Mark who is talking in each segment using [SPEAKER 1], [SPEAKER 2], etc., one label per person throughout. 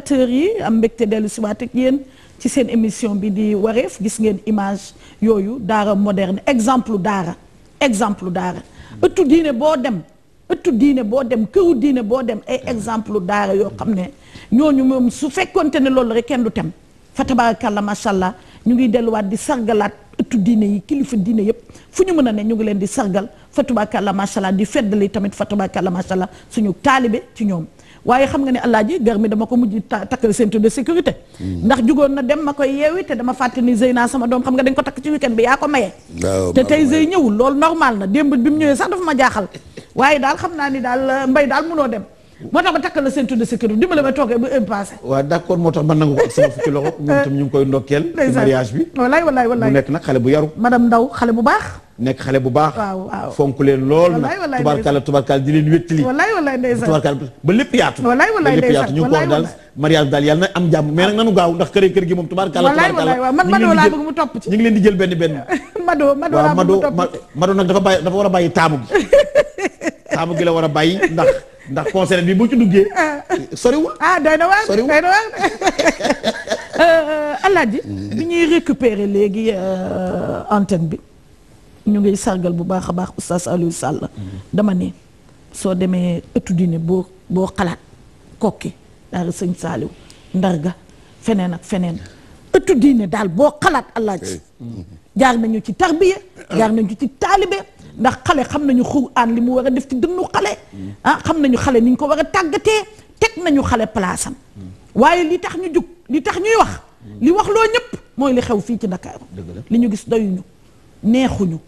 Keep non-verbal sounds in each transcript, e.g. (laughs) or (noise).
[SPEAKER 1] téléspectateurs yi am mbégte dellu si waat ak ci seen émission bi di waree fu gis ngeen image yooyu daara moderne exemple daara exemple daara ëttu diine boo dem ëttu diine boo dem këru diine boo dem ay exemple daara yoo xam ne ñoo ñu moom su fekkonte ne loolu rek kenn du tem fa la macha allah ñu ngi delluwaat di sargalaat ëttu diine yi kilifa diine yëpp fu ñu mën a ne ñu ngi leen di sargal fa tabaarakàlla macha allah di fedd feddali tamit fa tabaarakàlla macha allah suñu taalibe ci ñoom. waaye xam nga ne alaaji gar mi dama ko mujj takkal ceinture de sécurité hmm. ndax jugoon na dem ma koy yeewi te dama fàtte ni zëy naa sama doom xam na dañ ko takk ci weekend te tey zëy ñëwul loolu normal na démb bi mu ñëwee sax dafa ma jaaxal waaye daal xam naa ni daal euh, mbay daal munoo dem moo tax ma takkal la ceinture de sécurité dimbale ma toogee bu passé
[SPEAKER 2] waaw d'accord moo tax man nangu ko ak sama fukki loxo moom (laughs) tam ñu ngi koy ndokkeel mariage bi
[SPEAKER 1] wallaay wallaay wallaay mu nekk nag xale bu yaru madame Ndaw xale
[SPEAKER 2] nekk xale bu baax. waaw fonk leen lool. wallaay wallaay tubarkalla tubarkalla di leen wéttali. wallaay
[SPEAKER 1] wallaay ndeysaan tubarkalla
[SPEAKER 2] ba lépp yaatu. wallaay wallaay ndeysaan ba lépp yaatu ñu ko daal mariage daal yàlla na am jàmm mais nag nanu gaaw ndax kër kër gi moom tubarkalla. wallaay wallaay waaw man Mado laa bëgg mu topp ci. ñu ngi leen di jël (laughs) nag dafa bàyyi dafa war a bàyyi taamu gi (laughs) taamu gi la war a bàyyi ndax. ndax concert bi bu ci duggee. Ah. soriwul ah doy na waar doy na waar
[SPEAKER 1] (laughs) euh, euh, Alaaji mm. bi ñuy récupérer léegi euh, antenne bi ñu ngi sargal bu baax a baax oustaz Aliou Sall. dama ne soo demee ëttu dine boo boo xalaat kokki daal sëñ ndar ga feneen ak feneen ëttu diine daal boo xalaat alaaji jaar nañu ci tarbiya jaar nañu ci taalibe ndax xale xam nañu xuraan li mu war a def ci dënnu xale mm. ah xam nañu xale ni ñu ko war a tàggatee teg nañu xale palaasam mm. waaye li tax ñu jug li tax ñuy wax mm. li wax loo ñëpp mooy li xew fii ci Ndakaaru li ñu gis doyuñu neexuñu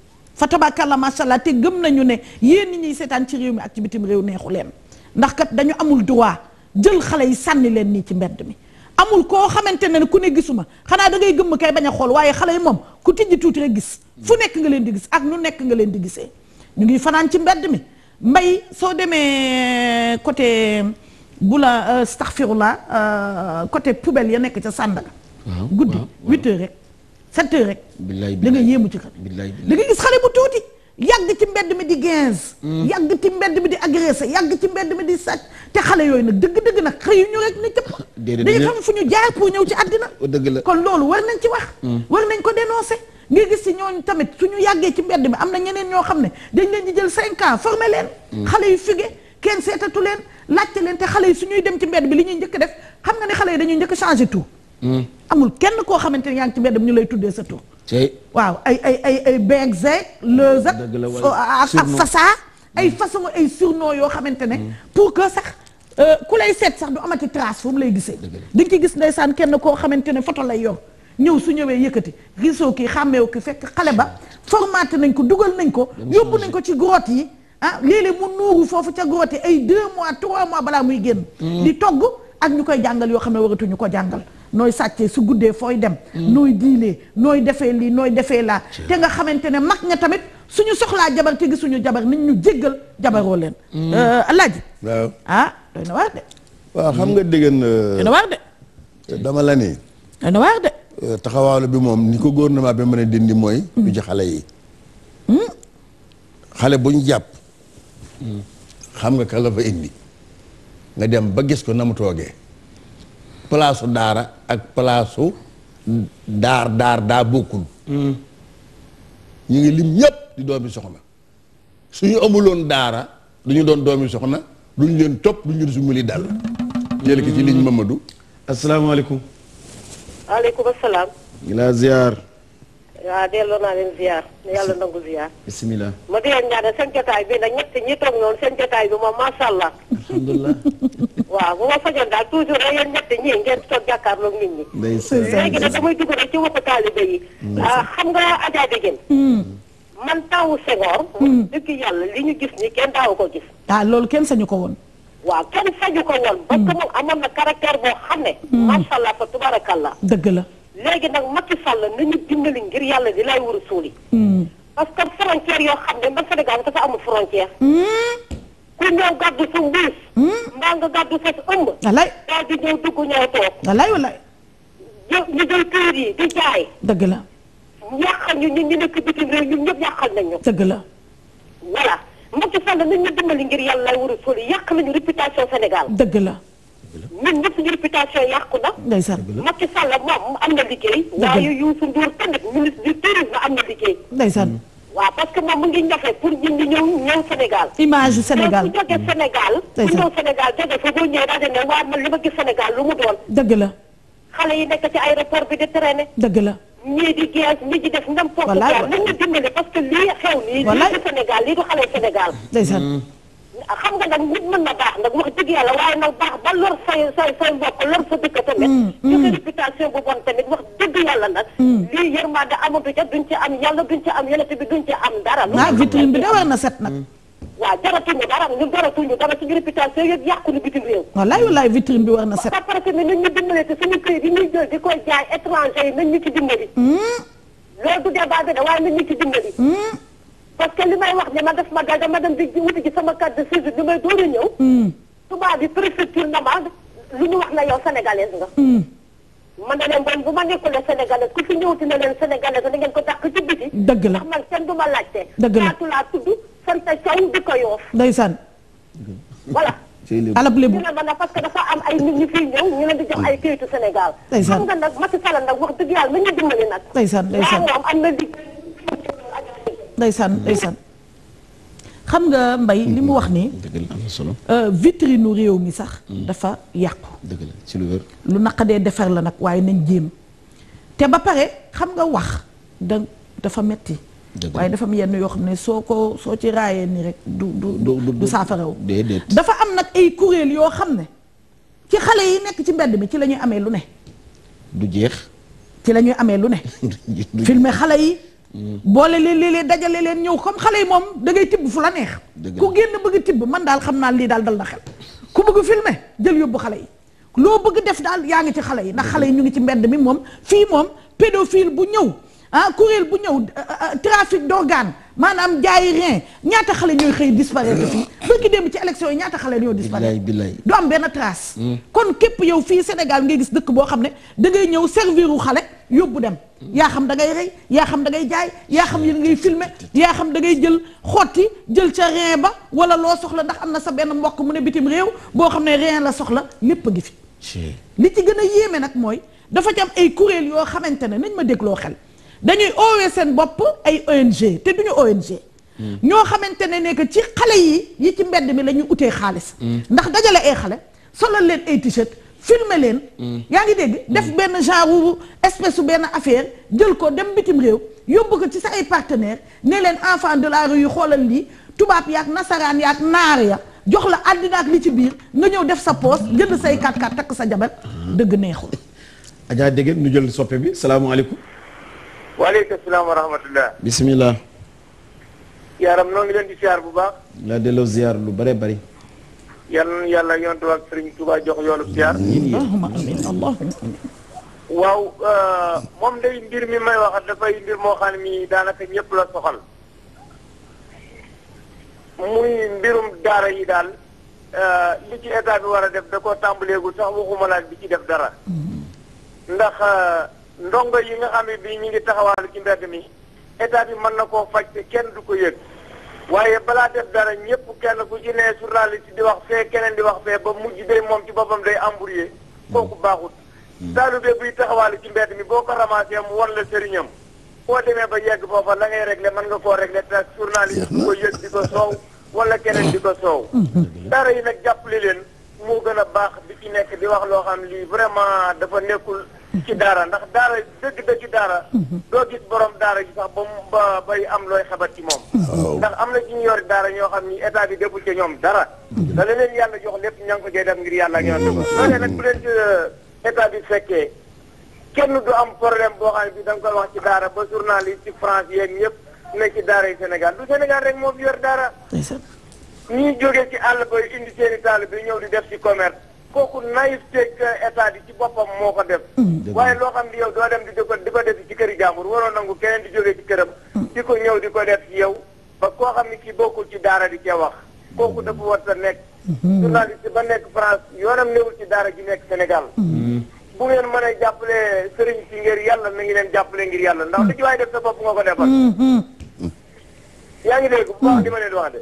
[SPEAKER 1] fa tabaarakalla macha allah te gëm nañu ne yéen ñi ñuy seetaan ci réew mi ak ci bitim réew neexu leen ndax kat dañu amul droit jël xale yi sànni leen nii ci mbedd mi. amul koo xamante ne ku ne gisuma xanaa da ngay gëmm kay bañ a xool waaye xale yi moom ku tijji tuuti rek gis fu nekk nga leen di gis ak nu nekk nga leen di gisee ñu ngi fanaan ci mbedd mi mbay soo demee euh, côté. bu la euh, astaghfirullah euh, côté poubelle ya nekk ca Sandaga. guddi 8 rek sept heures rek. billaay billaay da nga yéemu ci kat. billaay billaay da nga gis xale bu tuuti. yàgg ci mbedd mi di guinze. Hmm. yàgg ci mbedd mi di agressé ci mbedd mi di sàcc. te xale yooyu nag dëgg-dëgg nag xëy ñu rek ne cëpp.
[SPEAKER 2] (laughs) déedéet dañuy xam fu
[SPEAKER 1] ñu jaar pour ñëw ci àddina. Oh, dëgg la kon loolu war nañ ci wax. Hmm. war nañ ko dénoncé. ngir gis ci ñooñu tamit suñu yàggee ci mbedd mi am na ñeneen ñoo xam ne dañ leen di jël cinq ans formé leen. Hmm. xale yu fugué kenn seetatu leen laajte leen te xale yi suñuy dem ci mbedd bi li ñuy njëkk def xam nga ne dañuy njëkk changé tout Hmm. amul kenn koo xamante ne yaa ngi ci mbedd ñu lay tuddee sa tur. waaw ay ay ay ay Benzeek. Leuze ak ak Fassa. ay hmm. façon ay surnom yoo xamante ne. Hmm. pour que sax euh, ku lay set sax du amati trace fu mu lay gisee. di nga ci gis ndeysaan kenn koo xamante ne photo lay yor. ñëw su ñëwee yëkkati gisoo kii xàmmeewu ki fekk xale ba formaté nañ ko dugal nañ ko. yóbbu nañ ko ci grotte yi. ah léeg-léeg mu nuuru foofu ca grotte ay 2 mois 3 mois balaa muy génn. di togg ak ñu koy jàngal yoo xam ne waratuñu ko jàngal. nooy sàccee su guddee fooy dem. nooy diilee nooy defee lii nooy defee laa. te nga xamante ne mag nga tamit suñu soxlaa jabar te gisuñu jabar nit ñu jéggal jabaroo leen. Mm. Euh, alaaji.
[SPEAKER 2] waaw ah, doy na waar de. waaw xam nga dégg euh, doy na waar de. dama la ni. doy na euh, taxawaalu bi moom ni ko gouvernement bi mën a dindi mooy. Mm. du ci xale yi. Mm. xale bu ñu jàpp. xam nga kala la fa indi. nga dem ba gis ko na mu toogee. palaasu daara ak palaasu daar daar daa bokkul mm. ñu ngi lim ñëpp di doomi soxna suñu amuloon daara ñu doon doomi soxna duñ leen topp duñ leen sumbali dal jël ki ci liñ Mamadou asalaamaaleykum
[SPEAKER 3] aleykum asalaam.
[SPEAKER 2] ila ziar
[SPEAKER 3] waaw delloo naa leen ziar yàlla nangu ziar. bisimilah. ma di leen ñaanal seen jotaay bi nag ñett ñi toog noonu seen jotaay bi moom macha allah.
[SPEAKER 2] (laughs)
[SPEAKER 3] waaw bu ma fajoon daal toujours rek yéen ñett ñi ngeen toog jàkkaarloog nit ñi.
[SPEAKER 2] ndeysaan léegi nag damay
[SPEAKER 3] dugg rek ci waxu taalibe yi. Ah, xam nga Adja Degene. Hmm. man taawu Senghor. Hmm. dëgg yàlla li ñu gis ni kenn daawu ko gis. ah loolu kenn sañu ko woon. waaw kenn sañu ko woon. Hmm. parce que moom amoon na caractère boo xam ne. macha allah fa tubaarakallah. dëgg la. léegi nag Macky Sall nañu dimbali ngir yàlla di lay wër suuli hmm. parce que frontière yoo xam ne man Sénégal dafa amul frontière. Hmm. ku ñëw gàddu sa mbuus. Hmm. nga gàddu sa ëmb. walaay daal di ñëw dugg ñëw toog. walaay walaay. ñu ñu yi dëgg la. yàqal ñu ñu ñu nekk bitim réew ñun ñëpp yàqal nañ ñu. dëgg la. voilà Macky Sall nañ ñu dimbali ngir yàlla lay wër suuli yàq nañu réputation Sénégal. dëgg la. man ñëpp ñu réputation yàqu na. ndeysaan Macky Sall moom am na liggéey. waaye Youssou Ndour na liggéey. ndeysaan. Mm. parce que moom mu ngi ñafe pour ñun ñu ñëw ñëw Sénégal. image yu Sénégal bu jógee Sénégal. ndeysaan bu ñëw Sénégal jógee fa boo ñëwee daal ne waa man li ma Sénégal lu mu doon. dëgg la. xale yi nekk ci aéroport bi di traîner. dëgg la. ñii di géej ñii di def n'importe quoi. nañ ñu dimbali parce que lii xew nii. lii Sénégal lii du xale Sénégal. ndeysaan. Mm. xam nga nag nit mën na baax nag wax dëgg yàlla waaye nag baax ba lor say say say mbokk lor sa dëkk tamit joxe mm, mm. réputation bu bon tamit wax dëgg yàlla nag mm. lii yërmande amatu ca duñ ci am yàlla duñ ci am yonent bi ci am dara waaw ah, vitrine bi da war na set nag waaw jaratuñu dara ñun jaratuñu dara suñu réputation yëpp yàqu na bitim réew wallaay wallaay vitrine bi war na set parce que ñu dimbale te suñu këyit yi ñuy di koy jaay étranger yi ñu ci dimbali loolu du débat bi da waaye nañ ñu ci dimbali parce que li may wax ne ma def ma gàllankoor ma dem di wuti ci sama carte de séjour bi may door a ñëw. Hmm. tubaab bi préfecture na ma lu ñu wax na yow sénégalaise nga. Hmm. ma ne leen bon bu ma nekkulee sénégalaise ku fi ñëwati na leen sénégalaise da ngeen ko dàq ci biti. dëgg la ndax man kenn ma laajte. dëgg la Fatou laa tudd sant Thiaw di ko yoof. ndeysaan. voilà. alab (laughs) lébu dina parce que dafa am ay nit ñu fiy ñëw ñu leen di jox ay kayitu Sénégal. ndeysaan xam ma nag Macky nag wax dëg yàlla nañu dimbali am na
[SPEAKER 1] ndeysaan ndeysaan xam nga mbay li mu wax nii vitrine u réew mi sax mm. dafa yàqu ci lu naqadee defar la nag waaye nañ jéem te ba pare xam nga wax da dafa metti waaye dafa am yenn yoo xam ne soo ko soo ci raayee nii rek du du du saafaraw dafa am nag ay kuréel yoo xam ne ci xale yi nekk ci mbedd mi ci lañuy amee lu ne du jeex ci lañuy ñuy amee lu ne (laughs) filmer xale yi boole leen léeg-léeg dajale leen ñëw kom xale yi moom da ngay tibb fu la neex ku génn bëgg tibb man daal xam naa lii daal dal na xel ku bëgg filmer jël yóbbu xale yi loo bëgg def daal yaa ngi ci xale yi ndax xale yi ñu ngi ci mbedd mi moom fii moom pédophile bu ñëw ah kuréel bu ñëw euh, euh, euh, trafic d'organes maanaam jaayi rein ñaata xale ñooy xëy disparaître fii (coughs) bërki démb ci élection yi ñaata xale ñoo disparaître du am benn trace hmm. kon képp yow fii Sénégal ngay gis dëkk boo xam ne da ngay ñëw servir u xale yóbbu dem yaa xam da ngay rey yaa xam dangay jaay yaa xam yéen ngay filmé yaa xam da ngay jël xotti jël ca rein ba wala loo soxla ndax am na sa benn mbokk mu ne bitim réew boo xam ne rein la soxla lépp a ngi fi li ci gën a yéeme nag mooy dafa ci ay kuréel yoo xamante ne nañ ma dégloo xel dañuy oowee seen bopp ay ONG te duñu ONG. ñoo xamante ne nekk ci xale yi yi ci mbedd mi lañuy utee xaalis. Mm. ndax dajale ay xale solal leen ay t-shirt filmer leen. Mm. yaa ngi dégg mm. def benn genre espèce su benn affaire jël ko dem bitim réew yóbbu ko ci sa ay partenaires ne leen enfant de la yu xoolal lii tubaab yaak nasaraan yaak naar ya jox la àddina ak li ci biir nga ñëw def sa poos jënd say 4 x takk sa jabar dëgg neexul.
[SPEAKER 2] ajaa dégg nu jël soppe bi salaamaaleykum.
[SPEAKER 4] waaleykum salaam wa rahmatulah. bisimilah. yaaram noo leen di ziar bu baax.
[SPEAKER 2] la delloo ziar lu bare bari.
[SPEAKER 4] yal na yàlla yontu ak Serigne jox yoolu ziar. allahumma amiin
[SPEAKER 1] allahumma
[SPEAKER 4] waaw euh, moom day mbir mi may wax dafay mbir moo xam mi daanaka ñëpp la soxal. muy mbirum daara yi daal euh, li ci état bi war a def da ko tàmbaleegul sax waxuma laaj bi ci def dara.
[SPEAKER 5] Mm-hmm.
[SPEAKER 4] ndax. Euh, ndongo yi nga xam ne bii ñu ngi taxawaalu ci mbedd mi état bi mën na koo faj te kenn du ko yëg waaye balaa def dara ñëpp kenn ku ci ne journaliste di wax fee keneen di wax fee ba mujj day moom ci boppam day embrouillé kooku baaxut. taalube buy taxawaalu ci mbedd mi boo ko ramassé mu won la sëriñam boo demee ba yegg foofa la ngay réglé mën nga koo réglé te journaliste di ko yëg di ko soow wala keneen di ko soow. (laughs) dara yi nag jàppale leen moo gën a baax di ci nekk di wax loo xam vraiment dafa nekkul. ci daara ndax daara dëgg da ci daara. Mhm. doo gis borom daara ji sax ba mu ba bay am looy xabat ci moom. Oh. ndax am na ci ñu yor daara ñoo xam ni état bi deful ci ñoom dara. Mhm. da la leen yàlla jox lépp ña ngi ko def ngir yàlla ak yoon bi. Oh. loolee nag bu leen ci euh, état bi fekkee kenn du am problème boo xam ne bi da nga koy wax ci daara ba journaliste ci France yeeg ñëpp ne ci daara yi Sénégal du Sénégal rek moo fi yor daara. ñuy jógee ci àll ba indi seen i taal bi ñëw di def ci commerce. kooku naïveté euh, état bi ci boppam moo ko def mm. waaye loo xam ni yow doo dem di di ko di ko def ci kër këri jàmbur waroo nangu keneen di jógee ci këram mm. di ko ñëw di ko def ci yow ba koo xam ni kii bokkul ci daara di ca wax kooku dafa war sa nekk mm-hmm. journaliste ba nekk France yoonam newul ci daara ji nekk senegal mm-hmm. bu ngeen mënee jàppale sëriñ si ngir yàlla na ngi leen jàppale ngir yàlla ndax lu ci waaye def sa bopp nga ko defal mm-hmm. yaa ngi dégg bu baax li ma leen wax de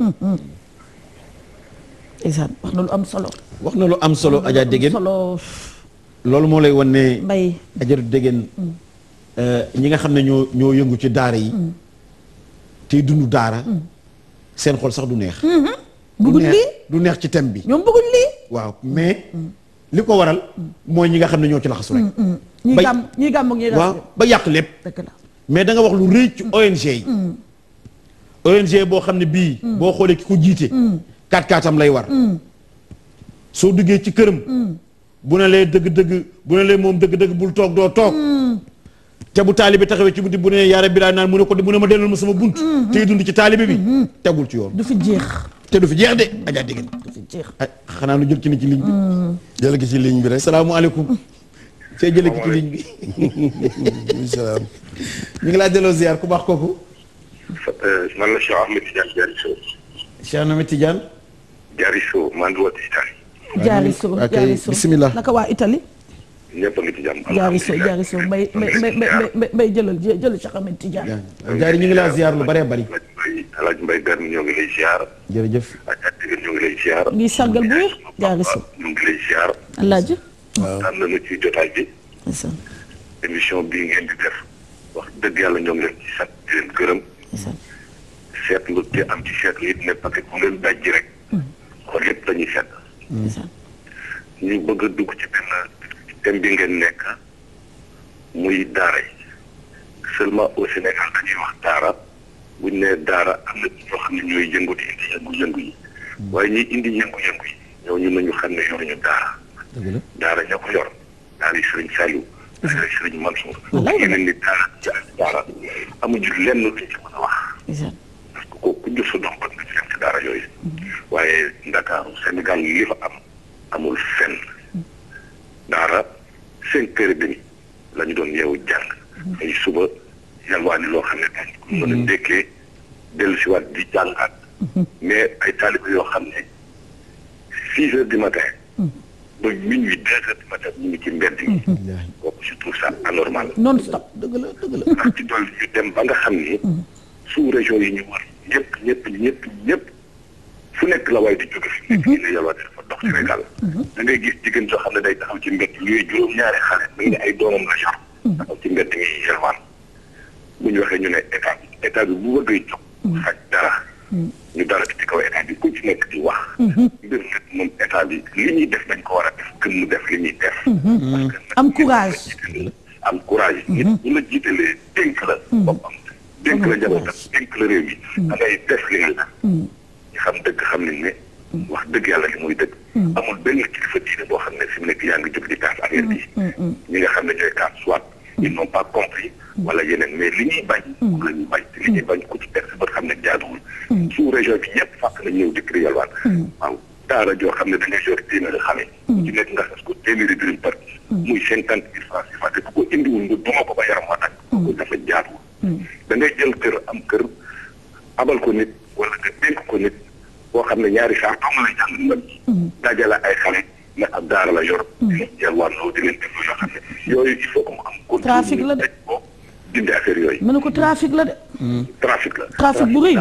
[SPEAKER 1] ndeysaan wax na lu am solo.
[SPEAKER 2] wax na lu am solo Adja Dégéen solo. loolu moo lay wan ne. mbay Adja Dégéen mm. eh, ñi nga xam ne ñoo ñoo yëngu ci daara yi. Mm. tey dund daara. Mm. seen xool sax du neex.
[SPEAKER 5] Mm-hmm. bëgguñ lii
[SPEAKER 2] du neex ci thème bi. ñoom bëgguñ lii. waaw mais. li ko waral mooy ñi nga xam ne ñoo ci laxasu rek. ñi gàmm
[SPEAKER 1] ñi gàmm ak ñi waaw
[SPEAKER 2] ba yàq lépp. mais da nga wax lu rëy ci ONG yi. ONG boo xam ne bii. boo xoolee ki ko jiite. kaat kaatam lay war. Mm. soo duggee ci këram. Mm. bu ne lee dëgg-dëgg bu ne lee moom dëgg-dëgg bul toog doo toog. Mm. te bu taalibe taxawee ci bunti bu ne yaara bi naan mu ne ko mu ne ma delloo ma sama bunt. Mm-hmm. tey dund ci taalibe bi. Mm-hmm. tegul ci yoon du fi jeex. te du fi jeex de ajaa dégg du fi jeex xanaa nu jël ci ni ci ligne bi. jël ki ci ligne bi rek. salaamualeykum. see (laughs) jële ki ci ligne bi. salaam. (laughs) ñu ngi laa delloo ziar ku baax kooku.
[SPEAKER 6] Euh, man la
[SPEAKER 2] Cheikh Ahmed Tidiane Diarisso maa ngi woote Italie. Diarisso Diarisso waa Italie. ñëpp a ngi ci jàmm. Diarisso Diarisso mbay mbay mbay
[SPEAKER 1] mbay jëlal jëlal Cheikh Ahmed Tidiane.
[SPEAKER 2] jaari ñu ngi laa ziar lu bëree bëri.
[SPEAKER 6] El Hadj Mbaye Berne ñoo ngi lay ziar.
[SPEAKER 2] jërëjëf. ak
[SPEAKER 6] Atiwil ñoo ngi lay ziar.
[SPEAKER 1] sàggal bu wér Diarisso.
[SPEAKER 6] ñu ngi lay ziar. El Hadj. ci jotaay bi. émission bii ngeen di def. wax dëgg yàlla ñoo ngi leen ci sant di leen gërëm. seetlu te am ci seetlu it ne parce que ku leen daj rek. Mm. koor yëpp la ñuy ñu bëgg a dugg ci benn thème bi ngeen nekk muy daara yi seulement au Sénégal dañuy wax daara bu ñu nee daara am na ñoo xam ne ñooy yëngu di indi yëngu-yëngu yi. Hmm. waaye ñi indi yëngu-yëngu yi ñooñu nañu xam ne yor ñu daara. daara ña ko yor daara yi sëriñ Saliou. daara yi sëriñ Mansour. yeneen ni daara daara amuñu lenn luñ ci mën a wax. parce que ku jur sa ba nga ci dem daara yooyu. waaye Ndakaaru Sénégal yi fa am amul fenn daara cinq kër demi la ñu doon yeewu jàng mm-hmm. ay suba yalwaani loo xam ne dañ mën a ndékkee mm-hmm. dellusiwaat di jàngaat mm-hmm. mais ay taaliba yoo xam ne six heures du matin ba minuit deux heures du matin ñu ngi ci mbedd yi kooku je trouve ça anormal non stop dëgg la dëgg la ndax ci dool ñu dem ba nga xam ni sous région yi ñu war ñëpp ñëpp ñëpp ñëpp fu nekk la waaye di jóge fi nekk dina yalwaane dox Sénégal mhm. da ngay gis jigéen soo xam ne day taxaw ci mbedd yooyu juróom-ñaari xale dañ ay doomam la yor mhm. ci mbedd mi yalwaan ñu waxee ñu ne état bi état bi bu mhm. dara ñu dara ci kaw état ci nekk di wax moom état bi li def dañ ko war def gën mu def am courage am courage nit ñi la jiitalee dénk la boppam dénk la jabatam dénk la réew mi da def li nga def xam dëgg xam nañ ne. Mm. wax dëgg yàlla li muy dëgg. Mm. amul benn kilifa diine boo xam ne fi mu nekk yaa ngi jóg di kaas affaire mm, ñi nga xam ne ñooy kaas soit ils n'ont pas compris. wala yeneen mais li ñuy bañ. la ñuy bañ li ñuy bañ ku ci teg xam ne jaaduwul. sous région bi ñëpp fàq nañ ñëw di kër yalwaan. waaw daara joo xam ne dañuy yor téeméeri xale. ku ci nekk nga xas ko téeméeri dërëm par muy cinquante mille francs yi fàtte bu ko indiwul nga duma ko ba yaram wa tak da ngay jël kër am kër abal ko nit wala nga ko nit. boo xam ne ñaari saa dong lay jàng mën. Mhm. dajale ay xale ne ab daara la yor. Mhm. yàlla na di leen def yoo xam ne yooyu il faut que mu
[SPEAKER 1] am. trafic la de ko
[SPEAKER 6] dindi affaire yooyu.
[SPEAKER 1] mën na ko trafic la de.
[SPEAKER 6] Mhm. trafic la trafic bu rëy.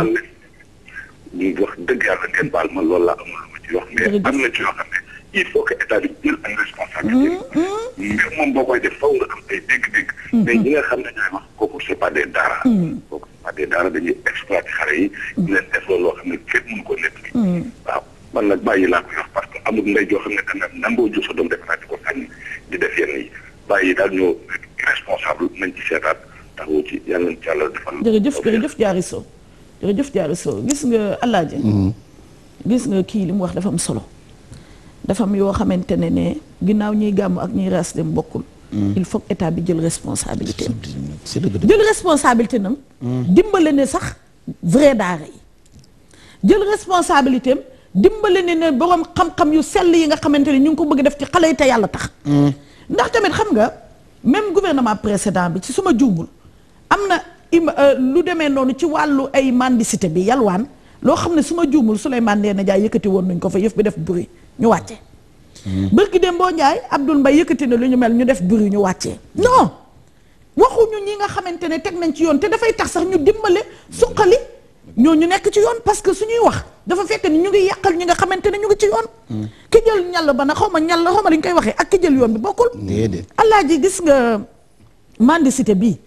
[SPEAKER 6] ñu wax dëgg yàlla ngeen baal ma loolu laa amul lu ma ci wax. mais am na ci yoo xam ne il faut que état bi jël ay responsabilité. mbir moom boo koy def faw nga am ay dégg-dégg. mais ñi nga xam ne ñooy wax kooku c'est pas des daara. wax dëgg daanaka dañuy exploité xale yi. Mm. di leen def loolu loo xam ne kenn mënu ko nekk. Mm. parce que amul ndey joo xam ne dana di ko sànni di def yenn yi bàyyi daal ñoo responsable nañ ci seetaat taxawu ci yàlla na ci yàlla defal.
[SPEAKER 1] jërëjëf jërëjëf Diary gis nga Alaaji. Mm. gis nga kii li mu wax dafa am solo. dafa yoo xamante ne ne ginnaaw ñiy gàmm ak ñiy raas dem bokkul Mm. il faut état bi jël responsabilité jël responsabilité nam mm. dimbale ne sax vrai daara yi jël responsabilité am dimbale ne ne borom xam-xam yu sell yi nga xamante ne ñu ngi ko bëgg def ci xale yi te yàlla tax mm. ndax tamit xam nga même gouvernement précédent bi ci suma juumul am na euh, lu demee noonu ci wàllu ay mendicité bi yalwaan loo xam ne suma juumul Souleymane na jaay yëkkati woon nañ ko fa yëf bi def bruit ñu wàcce bërki dem boo njaay Abdoul Mbaye yëkkati na lu ñu mel ñu def bruit ñu wàccee non waxuñu ñi nga xamante ne teg nañ ci yoon te dafay tax sax ñu dimbale suqali ñoo ñu nekk ci yoon parce que suñuy wax dafa fekk ni ñu ngi yàqal ñi nga xamante ne ñu ngi ci
[SPEAKER 2] yoon
[SPEAKER 1] ki jël ñàll ba na xaw ma ñàll xaw ma li ñu koy waxee ak ki jël yoon bi bokkul allah ji gis nga mendicité bii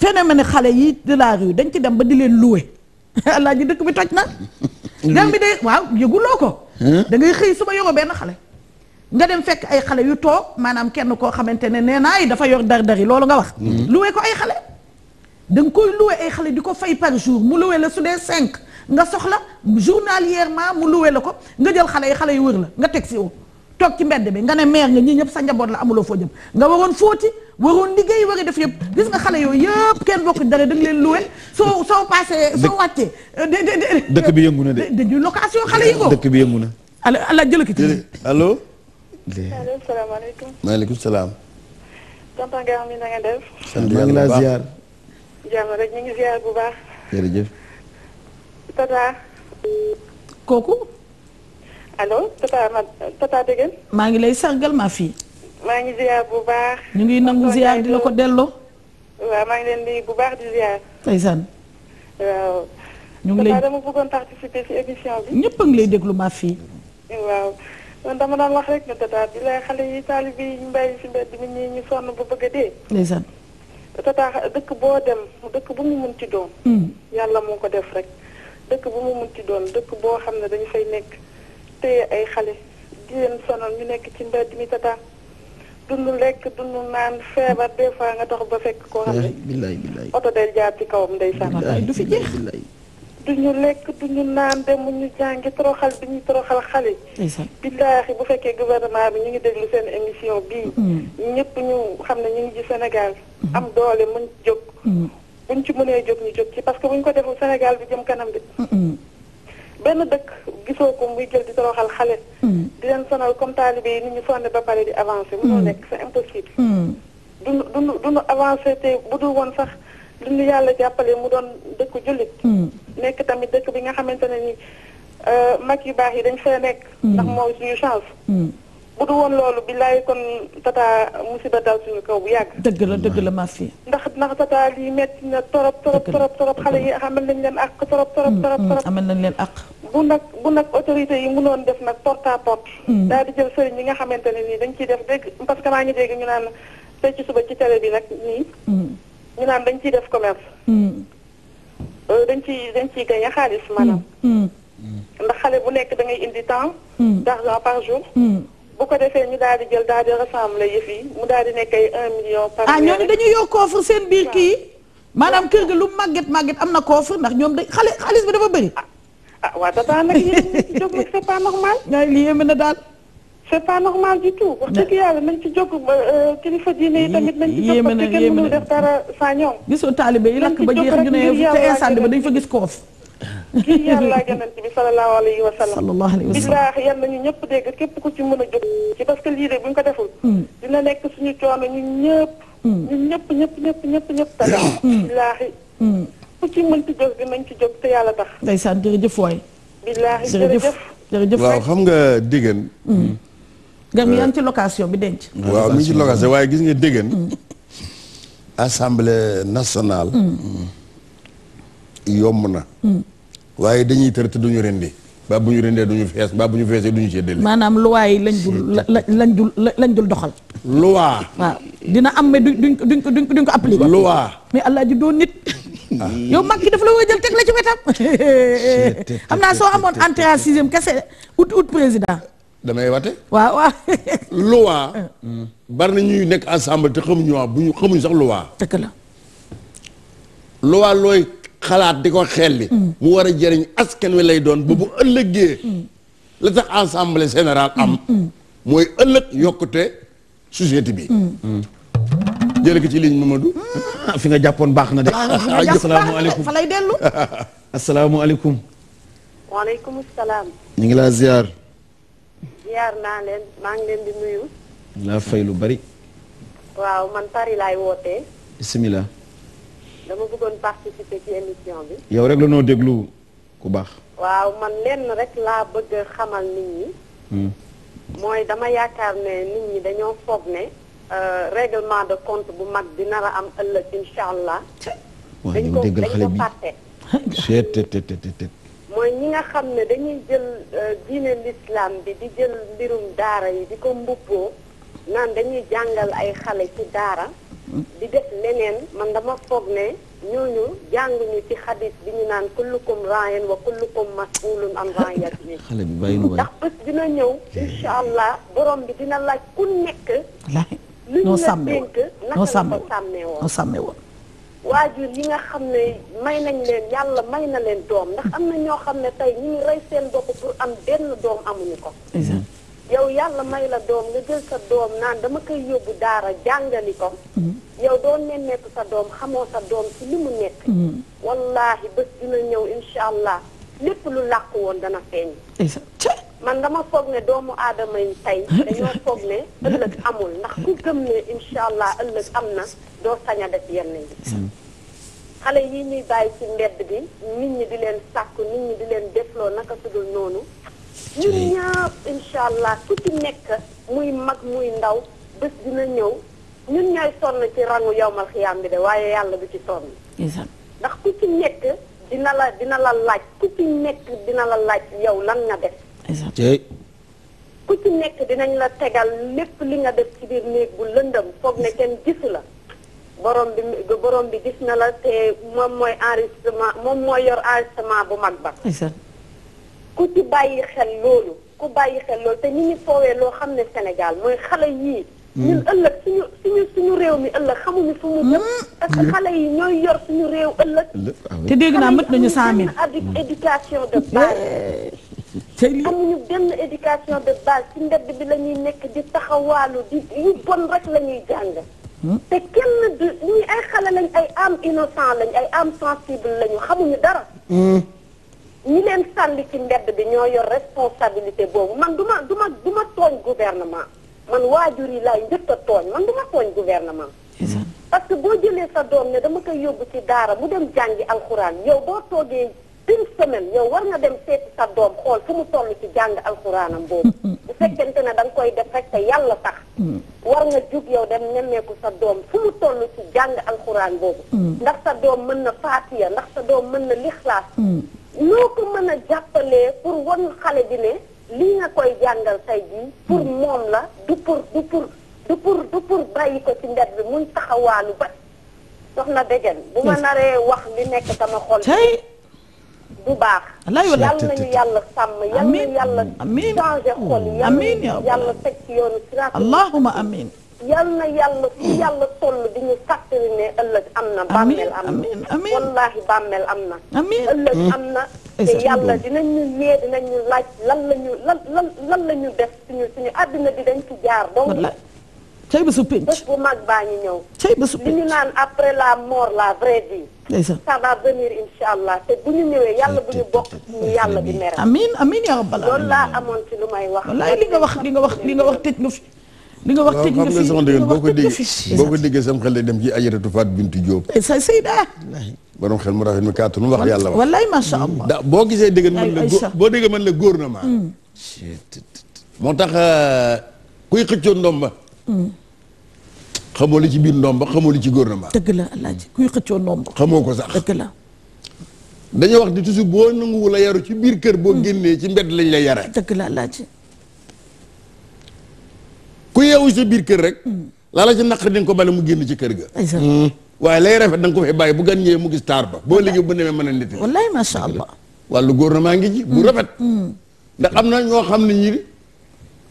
[SPEAKER 1] phénomène xale yi de yi dañ ci dem ba di leen loué (laughs) allah ji dëkk bi toj na gam (laughs) bi de waaw yëguloo ko da ngay xëy suba yoroo benn xale nga dem fekk ay xale yu toog maanaam kenn koo xamante ne nee naa yi dafa yor dar-dari loolu nga wax. luwee ko ay xale. da nga koy luwee ay xale di ko fay par jour mu luwee la su dee cinq nga soxla journalièrement mu luwee la ko nga jël xale yi xale yu wër la nga teg si woo toog ci mbedd bi nga ne meer nga ñii ñëpp sa njaboot la amuloo foo jëm nga waroon fóoti waroon liggéey war a def yëpp gis nga xale yooyu yëpp kenn bokk dara da leen luwe soo soo paasee. soo wàccee. de de dëkk bi yëngu na de. de xale yi ko
[SPEAKER 2] dëkk bi yëngu na. allo ala jël ki
[SPEAKER 5] salaamaaleykum.
[SPEAKER 2] maaleykum salaam.
[SPEAKER 3] tonton Gaye mi maa
[SPEAKER 2] ngi laa ziar. bu baax. jërëjëf.
[SPEAKER 3] tata. ma tata
[SPEAKER 1] maa ngi lay sargal ma fii.
[SPEAKER 3] maa ngi ziar bu baax. ñu ngi nangu ziar di la ko delloo. waaw maa ngi leen di bu baax di ziar. ndeysaan. waaw. ñu ngi lay tata ngi
[SPEAKER 1] lay déglu ma fii.
[SPEAKER 3] waaw. man dama daan wax rek ne tata bi xale yi taalibe yi ñu bàyyi si mbedd mi ñii ñu sonn ba bëgg a dee. ndeysaan. te dëkk boo dem dëkk bu mu mun ci doon. Hmm. yàlla moo ko def rek. dëkk bu mu mun ci doon dëkk boo xam ne dañu fay nekk te ay xale di leen ñu nekk ci mbedd mi tata dundu lekk dundu naan feebar des fois nga dox ba fekk. koo xam
[SPEAKER 2] ne eh,
[SPEAKER 3] oto day jaar ci kawam ndeysaan. du fi jeex duñu lekk duñu naan demu ñu jàngi toroxal bi ñu toroxal xale yi billaahi bu fekkee gouvernement bi ñu ngi déglu seen émission bii mm. ñëpp ñu xam ne ñu ngi ci Sénégal mm. am doole mën jóg mm. buñ ci mënee jóg ñu jóg ci parce que buñ ko deful Sénégal bi jëm kanam bi benn dëkk gisoo ko muy jël di toroxal xale di leen sonal comme taalibe yi nit ñu sonne ba pare di avancé mënoo nekk c'est impossible du duñu duñu avancé te bu dul woon sax li ñu yàlla jàppale mu doon dëkk jullit hmm. nekk tamit dëkk bi nga xamante ne ni euh, mag yu baax yi dañ fee nekk hmm. ndax mooy suñu chance hmm. bu du woon loolu billaay kon tata musiba dal suñu kaw bu yàgg dëgg la dëgg la ma yi ndax ndax tata lii metti na torop torop torop torop xale yi amal nañ leen ak torop torop torop torop nañ leen ak bu nag bu nag autorité yi mënoon def nag porte à porte daal di jël sëriñ yi nga xamante ne nii dañ ciy def dégg parce que maa ngi dégg ñu naan tey ci suba ci télé bi nag nii ñu naan dañ ciy def commerce. dañ hmm. ci euh, dañ ciy gagné xaalis maanaam. Hmm. Hmm. ndax xale bu nekk da ngay indi temps. d'argent par jour. bu ko defee ñu daal di jël daal di rassembler yëf yi mu daal di nekk ay 1 million. par ah ñooñu dañu yow coffre seen biir kii.
[SPEAKER 1] maanaam kër ga lu màgget màgget am na coffre ndax ñoom dañ xale xaalis bi dafa bëri. ah, ah waaw dafa nag yéen ñi ci jóg
[SPEAKER 3] (laughs) nag daal. c'est pas normal du tout wax dëgg yàlla nañ ci jóg euh, kilifa diine yi tamit nañ ci jóg parce que kenn mënul def ba jeex ñu ne ca dañ fa gis koof kii (laughs) yàlla yonent bi sallallahu alayhi wa sallam sallallahu alayhi wa sallam billaahi yàlla ñu ñëpp dégg képp ku ci mën a jóg ci parce que lii de ko deful hmm. nekk suñu coono ñu ñëpp hmm. ñu ñëpp ñëpp ñëpp ñëpp ñëpp tamit hmm. billaahi ku ci mën ci
[SPEAKER 1] jóg dinañ ci jóg te yàlla tax ndeysaan jërëjëf waay billaahi jërëjëf jërëjëf waaw
[SPEAKER 2] xam nga diggéen
[SPEAKER 1] ngam yaa ci location bi denc. waaw mi ngi ci location
[SPEAKER 2] waaye gis nga dégg mm. assemblée nationale. Mm. Mm. yomb na. waaye dañuy tër te duñu rendi ba bu ñu rendee duñu fees ba bu ñu feesee duñu cee delli.
[SPEAKER 1] maanaam loi yi lañ dul lañ dul lañ dul doxal.
[SPEAKER 2] loi. waaw
[SPEAKER 1] dina am mais duñ duñ ko duñ ko appliquer. loi mais allah ji doon nit. Ah. yow mag ki dafa la woo jël teg la ci wetam.
[SPEAKER 2] (laughs)
[SPEAKER 1] am naa soo amoon entrée en kese ut ut président.
[SPEAKER 2] damay wate. waaw waaw. loi. bari ñuy nekk ensemble te xamuñu waa bu ñu xamuñu sax loi. dëgg la. loi looy xalaat di ko xelli. Mm. mu war a jëriñ askan wi lay doon ba bu ëllëgee. Mm. la tax assemblée générale am. Mm. mooy ëllëg yokkute société bi. jëlee ko ci ligne Mamadou. Ah, fi nga jàppoon ah, baax na de. asalaamaaleykum fa lay dellu. (laughs) salaam. ñu ngi laa ziar.
[SPEAKER 3] ziar naa leen maa ngi leen di nuyu.
[SPEAKER 2] la fay lu bari.
[SPEAKER 3] waaw man Paris laay wootee. bisimilah. dama bëggoon participer ci émission bi.
[SPEAKER 2] yow rek la noo déglu ku baax.
[SPEAKER 3] waaw man lenn rek laa bëgg xamal nit ñi. Hmm. mooy dama yaakaar ne nit ñi dañoo foog ne. Euh, règlement de compte bu mag bi nar am ëllëg incha allah. dañ ko dañ ko fàtte. mooy ñi nga xam ne dañuy jël euh, diine l'islam bi di jël mbirum daara yi di ko mbubboo naan dañuy jàngal ay xale ci daara di def leneen man dama foog ne ñooñu jànguñu ci xadit bi ñu naan kullukum raayen wa kullukum mas'ulun an raayati
[SPEAKER 1] (laughs) xale bi ndax
[SPEAKER 3] bés dina ñëw insha allah borom bi dina laaj ku nekk lu ñu la dénk naka la waajur yi nga xam ne may nañ leen yàlla may na leen doom ndax am na ñoo xam ne tey ñu ngi rey seen bopp pour am benn doom amuñu ko yow yàlla may la doom nga jël sa doom naan dama koy yóbbu daara jàngali ko mm-hmm. yow doon ne nekk sa doom xamoo sa doom ci li mu nekk mm-hmm. wallaahi bés dina ñëw incha allah lépp lu làqu woon dana feeñ man dama foog ne doomu aadama yi tey (laughs) dañoo foog ne ëllëg amul ndax ku gëm ne incha allah ëllëg am na doo sañ a def yenn yi hmm. xale yi ñuy bàyyi ci mbedd bi nit ñi di leen sàkku nit ñi di leen defloo naka sudul noonu ñun ñaar incha allah ku ci nekk muy mag muy ndaw bés dina ñëw ñun ñooy sonn ci rangu yowmal xiyaam bi de waaye yàlla du ci sonn ndax ku ci nekk dina la dina la laaj ku ci nekk dina la laaj yow lan nga def ku ci nekk dinañ la tegal lépp li nga def ci biir néeg bu lëndëm foog ne kenn gisu la borom bi borom bi gis na la te moom mooy enregistrement moom mooy yor enregistrement bu mag ba ku ci bàyyi xel loolu ku bàyyi xel loolu te ñu ngi foowee loo xam ne Sénégal mooy xale yii mm. ñun ëllëg suñu suñu suñu réew mi ëllëg xamuñu fu mu jëm mm. xale yi ñooy yor suñu réew ëllëg
[SPEAKER 5] ah te dégg naa mët nañu cent
[SPEAKER 3] mille éducation de tey lii amuñu benn éducation de base ci mbedd bi la ñuy nekk di taxawaalu di yu bon rek la ñuy jàng. Hmm? te kenn du ñuy ay xale lañ ay âme innocent lañ ay am sensible lañu xamuñu dara. Hmm. ñi leen sànni ci mbedd bi ñoo yor responsabilité boobu man du ma du ma du ma tooñ gouvernement man waajur yi laay njëkk tooñ man du ma tooñ gouvernement. parce que boo jëlee sa doom ne dama koy yóbbu ci daara mu dem jàngi alxuraan yow boo toogee. une semaine yow war nga dem seeti sa doom xool fu mu toll ci jàng alxuraanam boobu hmm. bu fekkente ne da koy def rek te yàlla tax hmm. war nga jug yow dem nemmeeku sa doom fu mu toll ci jàng alxuraan boobu hmm. ndax sa doom mën na faatiya ndax sa doom mën na lixlaas loo ko mën a jàppalee pour wan xale bi ne lii nga koy jàngal tey jii pour moom la du pour du pour du pour bàyyi ko ci mbedd bi muy taxawaalu ba soxna Degen bu ma naree wax li nekk sama xol bu baax. yal nañu yàlla sàmm yal nañu yàlla. amiin changé xol yi amiin yàlla teg ci yoonu siraat. allahumma amiin. yal na yàlla fu yàlla toll di ñu fàttali ne ëllëg am na. bàmmeel am na wallaahi bàmmeel am na. amiin ëllëg mm. am na. te yàlla dinañu yee dinañu laaj lan la ñu lan lan lan la ñu def suñu suñu àddina bi dañ ci jaar donc. cay bésu pénc bés bu mag baa ñu ñëw. cay bésu pénc li ñu naan après la mort la vraie vie. ndeysaan ça va venir incha allah te bu ñu ñëwee yàlla bu ñu bokk ñu yàlla di mer. amiin amiin yaa rabbal loolu laa amoon ci lu may wax. walaay li nga wax
[SPEAKER 1] li nga wax li nga wax tëj nga fi. li nga wax tëj nga fi li nga wax tëj nga fi boo
[SPEAKER 2] ko déggee sama xel lay dem ci Ajaratu Faat Bintu Jóob. Eh, sa Seyda. borom xel mu rafet mi kàttanu wax yàlla wax. walaay macha allah mm, da boo gisee dégg mën la boo déggee mën la gouvernement. Mm. moo tax euh, kuy xëccoo ndomba. Mm. xamoo li ci biir ndomba xamoo li ci gouvernement. dëgg la alaaji kuy xëccoo ndomba. xamoo ko sax dëgg la. dañoo wax di boo nanguwul a ci biir kër boo hmm. génnee ci mbedd lañ lay yara dëgg la alaaji. ku yeewu sa biir kër rek. laala hmm. ci naq di ko bale mu génn ci kër ga. Hmm. waaye la rafet da nga ko fay bàyyi bu gan ñëwee mu gis taar ba boo liggéey bu demee mën a nit. wallaay macha allah. wàllu gouvernement ngi ji. bu rafet. ndax am na ñoo xam ne ñi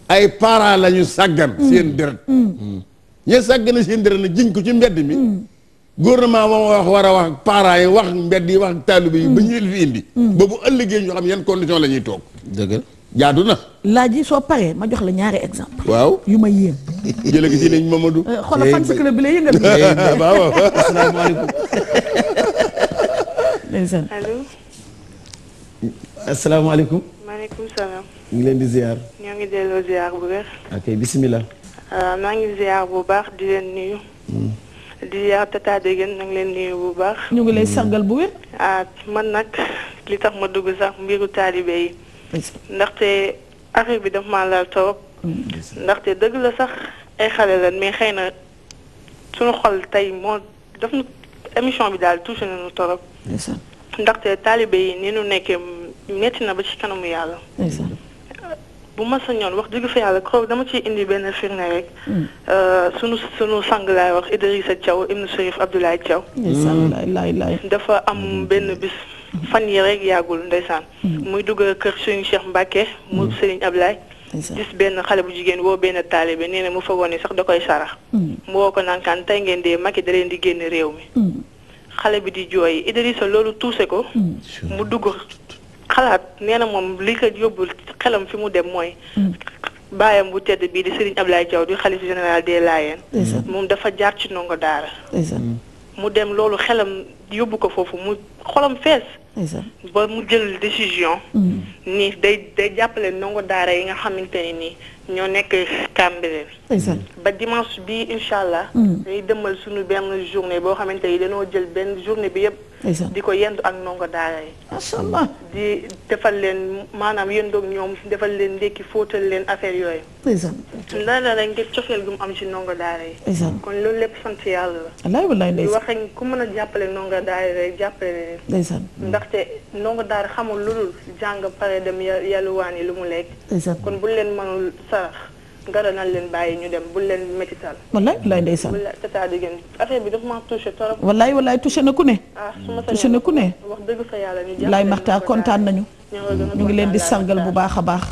[SPEAKER 2] ay parents la ñu seen deret. ña sàgg na seen dara na jiñ ko ci mbedd mi mm. gouvernement moom wax war a wax parents yi wax mbedd yi wax taalibe yi ba mm. ñu fi indi mm. ba bu ëllëgee ñu xam yan condition la ñuy toog dëgg jaadu na laaj yi
[SPEAKER 1] soo paree ma jox la ñaari exemple
[SPEAKER 2] waaw yu ma yéem jële gi ci lañ Mamadou eh, xoolal fan si club bi la yëngal waaw (laughs) asalaamaaleykum
[SPEAKER 5] ndeysaan allo
[SPEAKER 2] asalaamaaleykum
[SPEAKER 5] maaleykum salaam ñu ngi leen di ziar ñoo bisimilah naa euh, ngi ziar bu baax di leen nuyu. Hmm. di ziar Tata Degen nag ngi leen nuyu bu baax. ñu ngi lay sargal bu wér. Ah, man nag li tax ma dugg sax mbiru taalibe yi. ndaxte affaire bi daf maa laal torop. Hmm. ndaxte dëgg la sax ay xale lan mais xëy na suñu xol tey moo daf nu émission bi daal touché nañu torop. ndaxte taalibe yi ni nu nekkee metti na ba ci kanamu yàlla. bu ma sañoon wax dëgg fa yàlla kooku dama ciy indi benn firnde rek. Mm. Euh, sunu sunu sang laay wax Idrissa Thiaw ibnu Serif Abdoulaye Thiaw. Mm. dafa am mm. benn bis. fan yi rek yàggul ndeysaan. muy dugg kër Serigne Cheikh Mbacke. mu Serigne Ablaye. gis benn xale bu jigéen woo benn taalibe nee na mu fagoon ni sax da koy sarax. mboo ko naan tey ngeen dee Macky da leen di génn réew mi. xale bi di jooy Idrissa loolu tuuse ko. mu dugg xalaat nee na moom li ko yóbbul xelam fi mu dem mooy. Mm. baayam bu tedd bii di Serigne Ablaye Diaw di xalif général de Layènes. moom dafa jaar ci ndongo daara. Mm. mu dem loolu xelam yóbbu ko foofu mu xolam fees. ba mu jël décision. Mm. nii day day jàppale ndongo daara yi nga xamante ne nii. ñoo nekk Cambérène ba dimanche bi incha allah. Mm. day dëmmal suñu benn journée boo xamante ni dañoo jël benn journée bi yëpp. di ko yendu ak ndongo daara yi. macha allah di defal leen maanaam yendoog ñoom defal leen ndékki fóotal leen affaire yooyu. la rek ngir cofeel gu mu am ci ndongo daara kon loolu lépp sant yàlla la. walaay wax ak ku mën a jàppale ndongo daara yi ndaxte ndongo daara xamul lu dul jàng pare dem yàlluwaan yi lu mu lekk. kon bu leen mënul sarax nga doon naan leen ñu dem bul leen métital. wallaay wallaay ndeysaan. wallaay bi dafa ma touché trop.
[SPEAKER 1] wallaay wallaay touché na ku ne.
[SPEAKER 5] ah su ku ne. wax dëgg fa yàlla ñu jàppale maxta kontaan nañu. ñu ngi leen di sargal
[SPEAKER 1] bu baax a baax.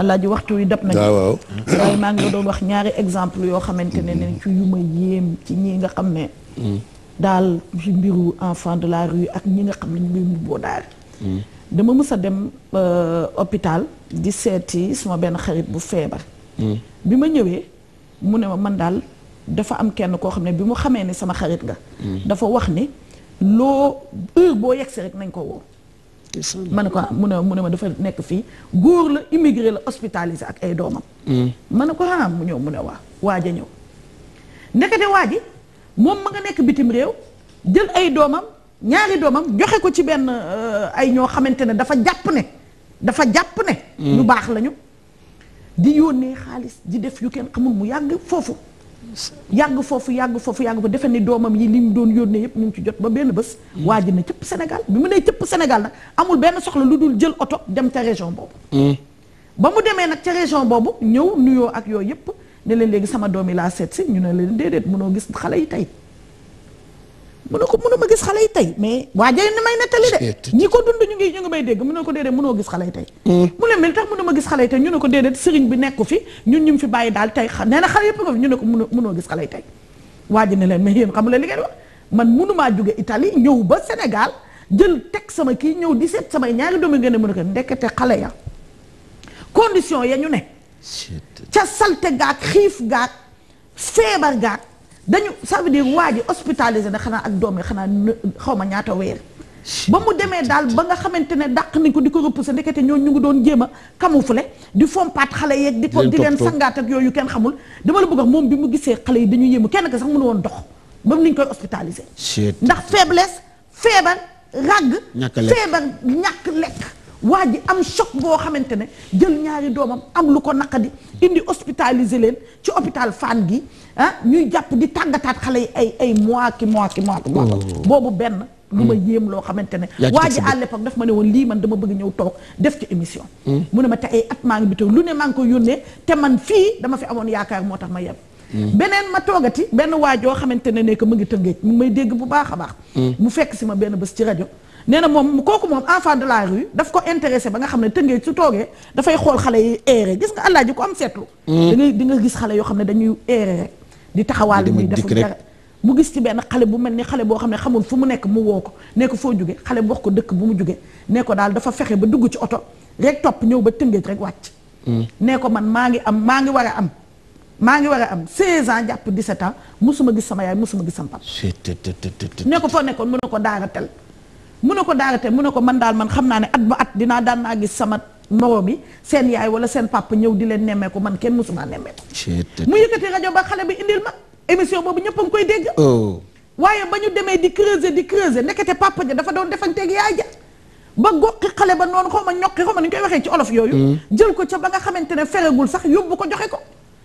[SPEAKER 1] alaaji waxtu wi dab nañu. Ah, waaw waaye maa ngi la doon wax ñaari exemple yoo xamante ne ne ci yu ma yéem ci ñi nga xam ne. Mm. daal ci mbiru enfant de la rue ak ñi nga xam ne ñu ngi boo daal. Mm. dama mës a dem euh, hôpital. di seeti suma benn xarit bu feebar. Hmm. bi ma ñëwee mu ne ma man daal dafa am kenn koo xam ne bi mu xamee ni sama xarit nga. Hmm. dafa wax ni loo heure boo yegsee rek nañ ko woo. ma ne ko mu ne mu ne ma dafa nekk fii góor la immigré la hospitalisé ak ay doomam. Hmm. ma ne ko ah mu ñëw mu ne waa waa a ñëw. ndekete waa ji moom ma nga nekk bitim réew jël ay doomam ñaari doomam joxe ko ci benn euh, ay ñoo xamante ne dafa jàpp ne. dafa jàpp ne. ñu mm. baax lañu. di yónnee xaalis di def yu kenn xamul mu yàgg foofu. yàgg foofu yàgg foofu yàgg fa defe ni doomam yi li ñu doon yónnee yëpp ñu ngi ci jot ba benn bés. Mm. waa ji na cëpp Sénégal bi mu nee cëpp senegal nag amul benn soxla lu dul jël oto dem ca région boobu. Mm. ba mu demee nag ca région boobu ñëw nuyoo ak yooyu yëpp ne leen léegi sama doom yi laa seet si ñu ne leen déedéet mënoo gis xale yi tey. mu ne ko mënu ma gis xale yi tey mais waajal ni may nettali de ñi ko dund ñu ngi ñu may dégg mu ne ko déedéet mënoo gis xale yi tey hmm. mu ma gis xale yi tey ñu ne ko déedéet sëriñ bi nekku fi ñun ñu fi bàyyi daal tey nee na xale yëpp nga fi ñu ne ko mënoo mënoo gis xale yi tey waajal ne leen mais yéen xamu leen li ngeen wax man mënumaa jóge Italie ñëw ba Sénégal jël teg sama kii ñëw di set samay ñaari doomi ngeen mën a ko ndekete xale ya condition ya ñu ne ca salte gaag xiif gaag feebar gaag dañu ça veut dire waa ji xanaa ak doom yi xanaa xaw ma ñaata weer. ba mu demee daal ba nga xamante ne dàq ni ko di ko repousser ndekete ñoo ñu ngi doon jéem a camoufler di fompaat xale yeeg di ko di leen sangaat ak yooyu kenn xamul dama la bëgg wax moom bi mu gisee xale yi dañu yéemu kenn ka sax mënu woon dox ba niñ koy hospitalisé ndax faiblesse feebar ràgg feebar ñàkk lekk waa ji am choc boo xamante ne jël ñaari doomam am lu ko naqadi indi hospitalisé leen ci hôpital fan gi ah ñuy jàpp di tàggataat xale yi ay ay mois ki mois ki mois ki mois oh. boobu benn lu ma mm. yéem loo xamante ne waa ji à l'époque daf ma ne woon lii man dama bëgg ñëw toog def ci émission mm. mu ne ma te at maa ngi bi lu ne maa ngi ko yónnee te man fii dama fi amoon yaakaar moo tax ma yem mm. beneen ma toogati benn waa joo xamante ne ne que mu ngi tëngeej mu may dégg bu baax a baax mu fekk si ma benn bés ci rajo nee na moom kooku moom enfant de la rue daf ko intéressé ba nga xam ne tëngee su toogee dafay xool xale yi eere gis nga àllaaji ko am seetlu hmm. da ngay di nga gis xale yoo xam ne dañuy eere rek di taxawaal ñuy def dara mu gis ci benn xale bu mel ni xale boo xam ne xamul fu mu nekk mu woo ko nekk ko foo jóge xale bu wax ko dëkk bu mu jóge ne ko daal dafa fexe ba dugg ci oto rek topp ñëw ba tëngéej rek wàcc hmm. ne ko man maa ngi am maa ngi war a am maa ngi war a am 16 ans jàpp 17 ans musuma gis sama yaay musuma gis sama papa ne ko nekkoon mu ne ko daara tel mu ne ko daagate mu ne ko man daal man xam naa ne at ba at dinaa daan naa gis sama moroom yi seen yaay wala seen papa ñëw di leen nemmeeku man kenn mësumaa nemmeeku mu yëkkati rajo ba xale bi indil ma émission boobu ñëpp a koy dégg oh. waaye ba ñu demee di creuser di creuser nekkete papa ja dafa doon defanteeg yaay ja ba goqi xale ba noonu xaw ma ñoqi xaw ma ñu koy waxee ci olof yooyu mm. jël ko ca ba nga xamante ne fereegul sax yóbbu ko joxe ko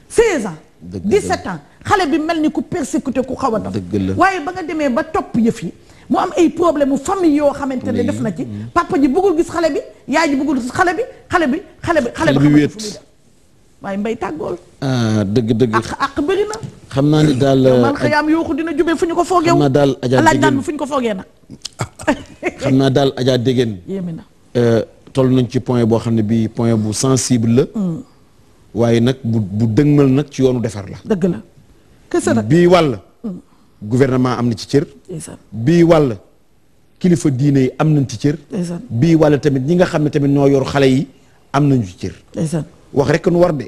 [SPEAKER 1] 16 ans 17 ans xale bi mel ni ku persécuté ku xaw a daf waaye ba nga demee ba topp yëf yi mu am ay problème mu famille yoo xamante ne def na ci mm-hmm. papa ji bëggul gis xale bi yaay ji bëggul gis xale bi xale bi xale bi xale bi wéet waaye mbay tàggool
[SPEAKER 2] ah dëgg dëgg ak xam naa ni daal man xëyaam
[SPEAKER 1] yooxu dina jubee fu ñu ko foogee xam naa daal ajaa laaj naan fu ñu ko foogee nag (laughs) xam
[SPEAKER 2] naa daal ajaa déggéen yéemi na euh, toll nañ ci point boo xam ne bii point bu sensible la mm. waaye nag bu bu dëgmal nag ci yoonu defar la
[SPEAKER 1] dëgg la kese nag bii
[SPEAKER 2] wàll gouvernement am na ci cër. bii wàll kilifa diine yi am nañ ci cër. bii wàll tamit ñi nga xam ne tamit ñoo yor xale yi am nañu ci cër. wax rek nu war de.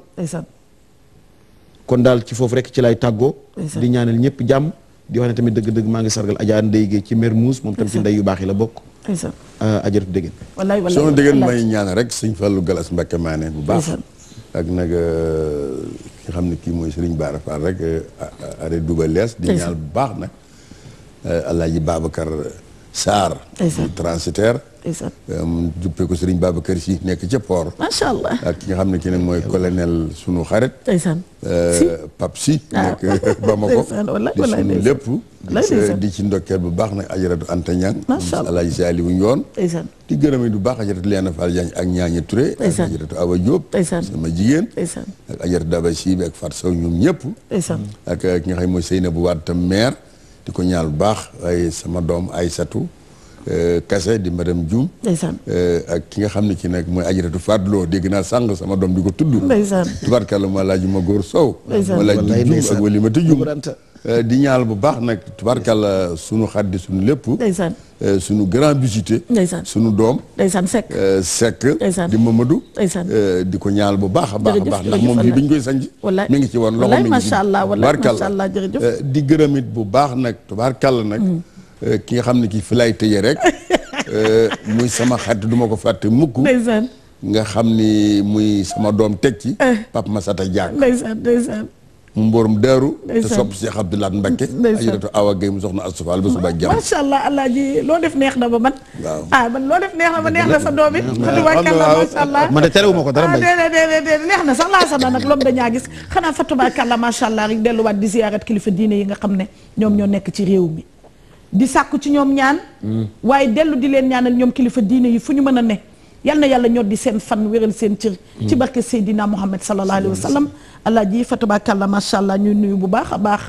[SPEAKER 2] kon daal ci foofu rek ci lay tàggoo. di ñaanal ñëpp jàmm. di wax ne tamit dëgg-dëgg maa ngi sargal Adja Ndeye Gueye ci Mermoz moom tam ci ndey yu baax yi la bokk. ajaratu ah, dégg. wallaay wallaay soxna dégg may ñaan rek sëñ Fallou Galas Mbacke maane bu baax. ak nag euh, nga xam ne kii mooy Serigne Bara Fall rek euh, arrêt Double Less di ñaan bu baax na a nag euh, Alaaji Babacar Sarr transitaire mu juppee ko Serigne kër si nekk ca port macha allah ak ki nga xam ne ki nag mooy colonel sunu xarit
[SPEAKER 1] ndeysaan euh,
[SPEAKER 2] Pape Sy ah. nekk (laughs) Bamako di sunu lépp di ci ndokkeel bu baax nag ajaratu Anta Niang macha allah Alaaji Saliou Ndion di gërëmee du baax ajaratu Leena Fall Diagne ak Ñaaña Touré ak ajaratu Awa Diop sama jigéen ak ajaratu Daba Sy bi ak Fatou Sow ñoom ñëpp ak ki nga xam ne mooy Seynabou Wade tam maire di ko ñaal bu baax ay sama doom ay Aysatu Euh, kase di madame Dioum euh, ak ki nga xam ne ci nag mooy ajiratu Fadlo dégg naa sàng sama doom di ko tudd tubaarkàlla moo laaj ma góor Sow moo laaj Dioum ak wali ma ti di ñaal bu baax nag tubaarkàlla sunu xaddi sunu lépp euh, sunu grand visité sunu doom ndeysaan Seck Seck di Mamadou di ko ñaal bu baax a baax a baax moom fii bi ñu koy sanj mi ngi ci woon loxo mi ngi ci tubaarkàlla di gërëmit bu baax nag tubaarkàlla nag mm. Euh, ki nga xam ne kii fi lay tëjee rek (laughs) euh, muy sama xarit duma ko fàtte mukk ndeysaan nga xam ni muy sama doom teg ci eh. Pape Massata Diack
[SPEAKER 1] ndeysaan ndeysaan
[SPEAKER 2] mu mboorum daaru te sopp Cheikh Abdoulaye Mbacke ajuratu Awa Gueye mu ba suba jàmm macha
[SPEAKER 1] allah alaaji loo def neex na ba man waaw ah man loo def neex na ba neex na sa doom it fatubakalla macha allah man de ko dara déedéet ah, déedéet na sax laasa na nag loom dañaa gis xanaa fatubakalla macha allah rek delluwaat di ziarat kilifa diine yi nga xam ne ñoom ñoo nekk ci réew mi di sàkku ci ñoom ñaan. Mm. waaye dellu di leen ñaanal ñoom kilifa diine yi fu ñu mën a ne. yal na yàlla ñoo di seen fan wéral seen cër ci mm. barke Seydina Muhammad sallallahu alayhi wa sallam allah ji fa la macha allah ñuy nuyu bu baax a baax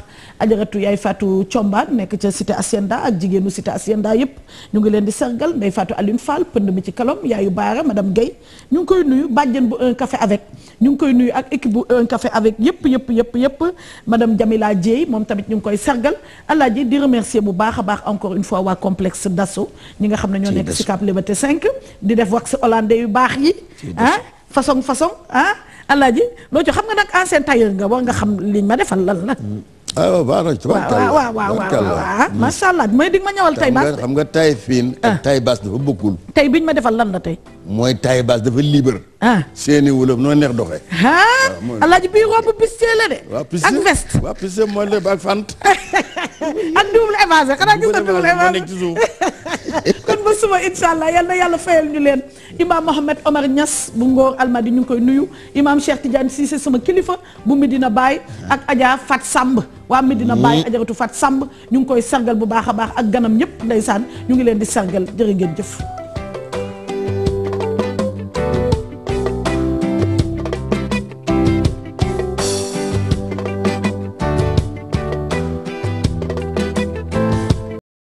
[SPEAKER 1] ajaratu yaay Fatou Comba nekk ca cité Hacienda ak jigéenu cité Hacienda yëpp ñu ngi leen di sargal nday Fatou Alioune Fall pënd mi ci kalom yaayu baara madame Guèye ñu ngi koy nuyu bàjjen bu un café avec ñu ngi koy nuyu ak équipe bu un café avec yëpp yëpp yëpp yëpp madame Jamila Dieye moom tamit ñu ngi koy sargal allah ji di remercier bu baax a baax encore une fois waa complexe Dassault ñi nga xam ne ñoo nekk Sicap Liberté hollandais yu baax yi ah façon façon ah alaaji loo ci xam nga nag ancien tailleur nga war nga xam liñ ma defal lal la mm.
[SPEAKER 2] ah waaw baax na ci waaw ah, macha
[SPEAKER 1] allah mooy dig ma ñëwal tay baas xam
[SPEAKER 2] nga tay fiin ak ah. tay baas dafa bokkul.
[SPEAKER 1] tay biñ ma defal lan la tey.
[SPEAKER 2] mooy tay baas dafa libre. ah seeni wolof noo neex doxee.
[SPEAKER 1] ah alaaji bii romb piste la de. ak veste waaw piste mooy lépp ak fant. (laughs) ak double évasé (laughs) xanaa gis nga double évasé (laughs) kon ba suba incha allah yal na yàlla fayal ñu leen imaam Mohamed Omar Niass bu Ngor Almadi ñu ngi koy nuyu imaam Cheikh Tidiane Cissé sama kilifa bu Medina Baye ah. ak Adja Fat Samb waa Medina Baye ajaratu Fat sàmb ñu ngi koy sargal bu baax a baax ak ganam ñëpp ndeysaan ñu ngi leen di sargal jërë ngeen jëf